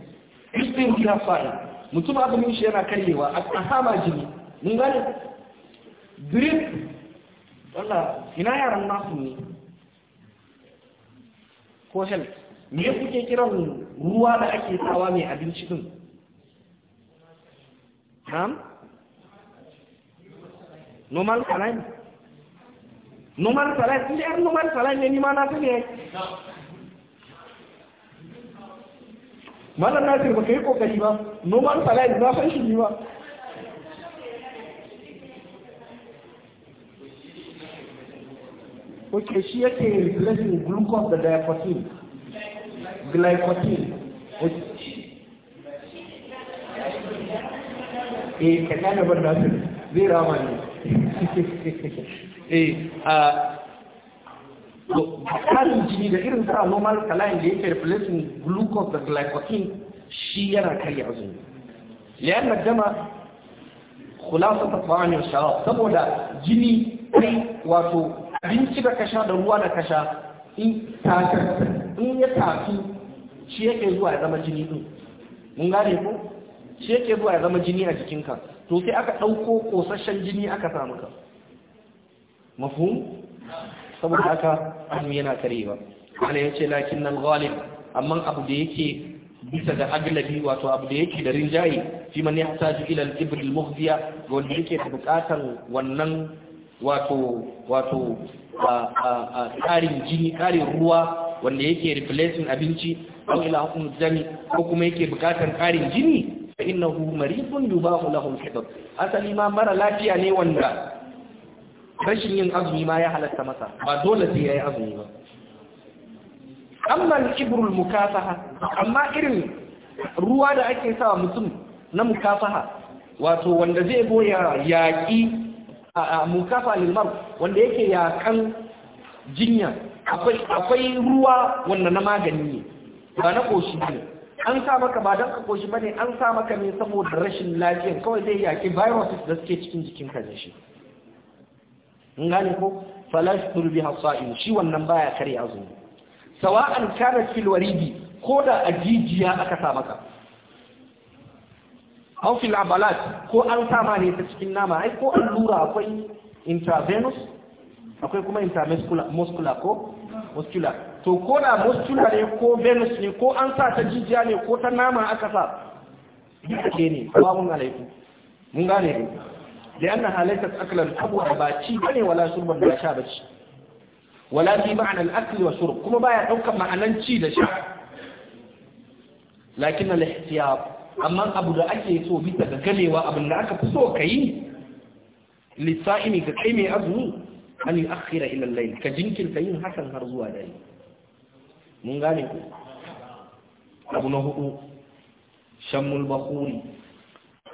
istin ya fara mutum abin shi yana karyewa a sama jini mun gane drip wala ina yaran nasu ne ko Hel. me kuke kiran ruwa da ake sawa mai abinci din nam normal kanai numar salat inda yar numar salat ne nima na sani ne malam nasir ba ka yi kokari ba numar salat na san shi ba ok shi yake replacing glucose da diapatin glycotin eh ka gane ban nasir zai rama ne eh a jini da irin sa normal saline da yake replacing glucose da glycogen shi yana karya azumi liyan na dama kulasa ta fa'anin sha'ar saboda jini kai wato abinci da kasha da ruwa da kasha in in ya tafi shi yake zuwa ya zama jini din mun gane ko shi yake zuwa ya zama jini a jikinka to sai aka ɗauko ƙosashen jini aka sa maka mafhum saboda haka hannu yana karewa ana ya ce lakin nan ghalib amma abu da yake bisa ga aglabi wato abu da yake da rinjaye fi man yahtaju ila al-ibr al ga wanda yake da bukatan wannan wato wato a tsarin jini tsarin ruwa wanda yake replacing abinci ko ila hukum jami ko kuma yake bukatan tsarin jini fa innahu maridun yubahu lahu al asali ma mara lafiya ne wanda rashin yin azumi ma ya halatta masa ba dole sai yayi azumi ba amma al-kibrul mukafaha amma irin ruwa da ake sawa mutum na mukafaha wato wanda zai boya yaki a lil mar wanda yake yakan jinya akwai ruwa wanda na magani ne ba na koshi ne an sa maka ba don ka koshi ne an sa maka ne saboda rashin lafiyar kawai zai yaki viruses da suke cikin jikinka da shi in gane ko falastur biha sa'im shi wannan baya kare azumi sawa'an an fil waridi ko da ajijiya aka sa maka aw fi labalat ko an sama ne ta cikin nama ai ko an lura akwai intravenous akwai kuma intramuscular ko muscular to ko da mustula ne ko venus ne ko an sa ta jijiya ne ko ta nama aka sa duka ke ne ba mun alaiku mun gane ne da yana halittar akalan abuwa ba ci ba ne wala shurban da sha ba ci wala fi ma'anar akli wa shurb kuma baya ɗaukar ma'anan ci da sha lakin na lahtiyab amma abu da ake so bisa ga ganewa abin da aka fi so ka yi lissa'imi ga kai mai azumi an yi akhira ila ka jinkirta yin hakan har zuwa dare mun gane ku abu na hudu shammul bakhuri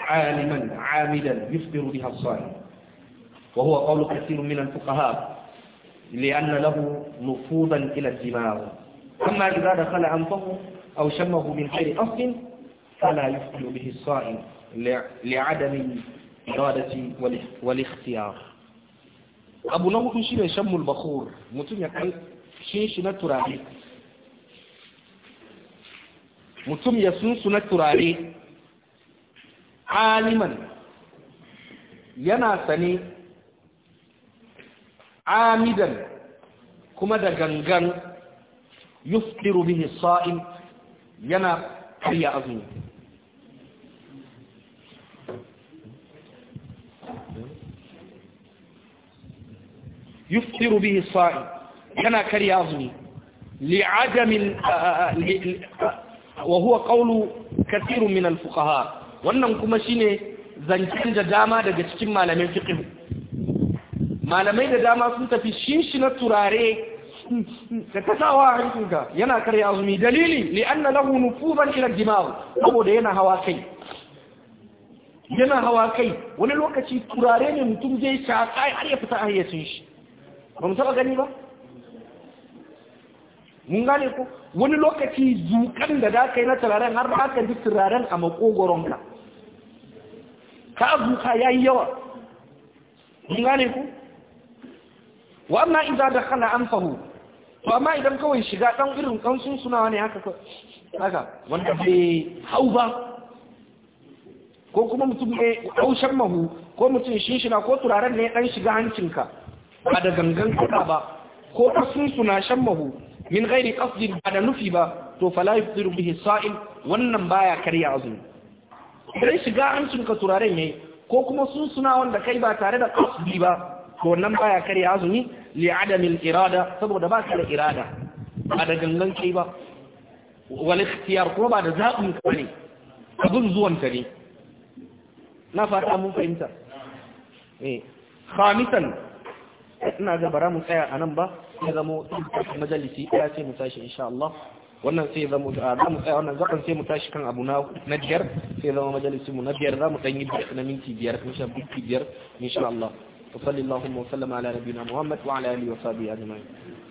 aliman amidan yuftiru biha as-sa'im wa huwa qawlu kathirun min al-fuqaha لأن له نفوذا إلى الدماغ أما إذا دخل أنفه أو شمه من غير قصد فلا يفعل به الصائم لعدم الإرادة والاختيار abu na hudu shine shammul bakhur mutum ya kai shi shi na turare mutum ya sunsuna turare aliman yana sani amidan kuma da gangan yufkiru bihi sa'im yana karya azumi yufkiru bihi sa'im yana karya azumi li'adamin wa huwa qawlu kathirun min al-fuqaha wannan kuma shine zancen da dama daga cikin malamin fiqh malamai da dama sun tafi shinshina turare da kasawa a hankinka yana karya azumi dalili li anna lahu nufuban ila dimag saboda yana hawa kai yana hawa kai wani lokaci turare ne mutum zai shaka har ya fita hayyacin shi ba mu taba gani ba mun gane ko wani lokaci zukan da za ka yi na turaren har ba ka ji turaren a makogoronka ka zuka ya yi yawa mun gane ko wa amma idan da kana an fahu to amma idan kawai shiga ɗan irin ɗan suna ne haka haka wanda bai hau ba ko kuma mutum ne haushen mahu ko mutum shishina ko turaren ne ɗan shiga hancinka ba da gangan kuɗa ba ko ta suna shan mahu min ghairi qasdin ba da nufi ba to fala yufdiru bihi sa'il wannan baya karya azumi sai shiga sun ka turaren ne ko kuma sun suna wanda kai ba tare da qasdi ba to wannan baya karya azumi li adami irada saboda ba ka da irada ba da gangan kai ba wal ikhtiyar kuma ba da zabin ka ne abun zuwan ta ne na fata mun fahimta eh khamisan ina ga bara mu tsaya anan ba sai zamo majalisi ɗaya sai mu tashi insha Allah wannan sai zamo za mu tsaya wannan zakan sai mu tashi kan abu na biyar sai zama majalisin mu na biyar za mu dan yi na minti biyar insha minti biyar insha Allah wa sallallahu wa sallama ala nabiyina Muhammad wa ala alihi wa sahbihi ajma'in